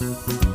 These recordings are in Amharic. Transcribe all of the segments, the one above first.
Bye.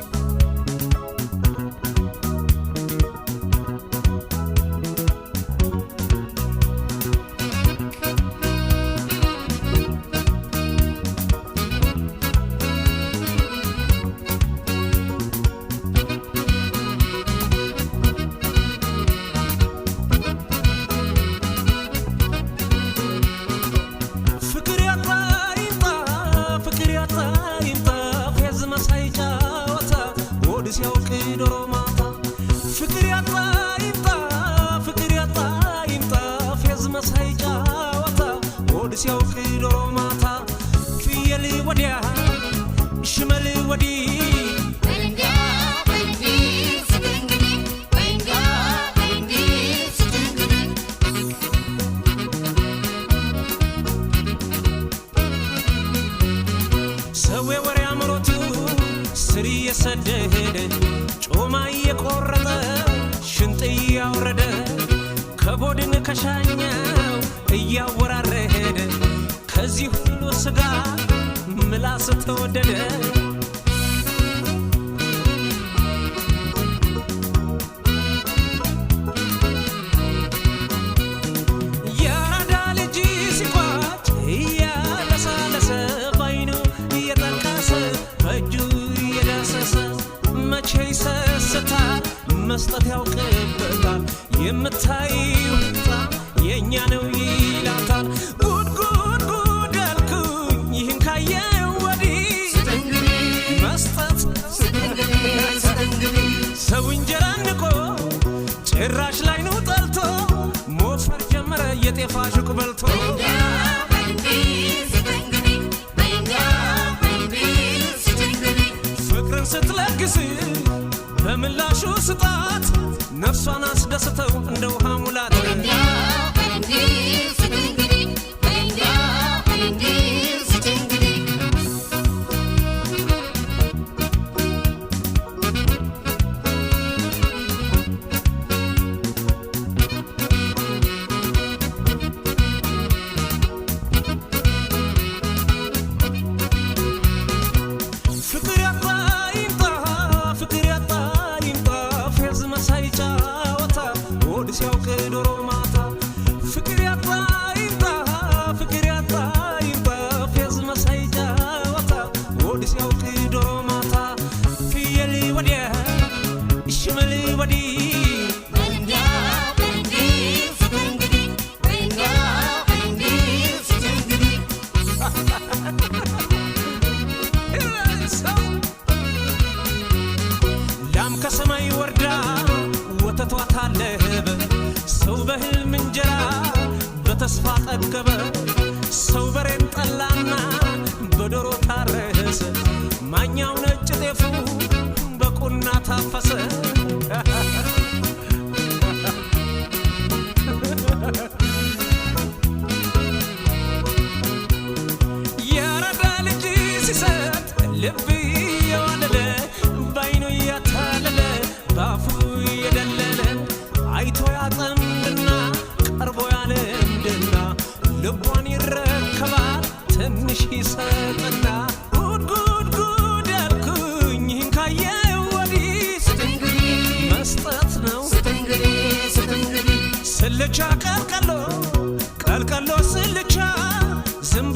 ሲያው ክዶ ማታ ፍየል ወዲያ ሽመል ወዲህ ሰው ወሬ አምሮቱ ስር እየሰደደ ጮማ እየቆረጠ ሽንጥ እያወረደ ከቦድን ከሻኛው እያወረ ከዚህ ሁሉ ስጋ ምላስ ተወደደ ልጅ መቼ ይሰስታል መስጠት ያውቅበታል የምታዩ የእኛ ነው ፍራሽ ላይ ነው ጠልቶ ሞፈር ጀመረ የጤፋ ሽቁ በልቶ ፍቅርን ስትለግስ በምላሹ ስጣት ነፍሷን አስደስተው ተስፋ ጠገበ ሰው በሬን ጠላና በዶሮ ታረሰ። ማኛው ነጭ ጤፉ በቁና ታፈሰ። የረዳ ልጅ ሲሰጥ ልብ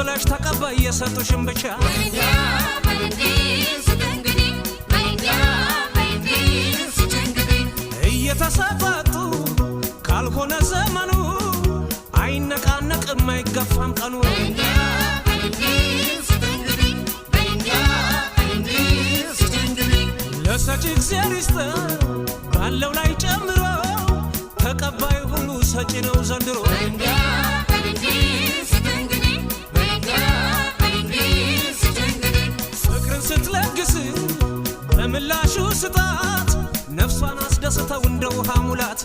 ብለሽ ተቀባይ የሰጡሽን ብቻ እየተሰፋቱ ካልሆነ ዘመኑ አይነቃነቅም አይገፋም ቀኑ ለሰጪ እግዚአብሔር ይስጥ ባለው ላይ ጨምሮ ተቀባይ ሁሉ ሰጪ ነው ዘንድሮ ደስታው እንደ ውሃ ሙላት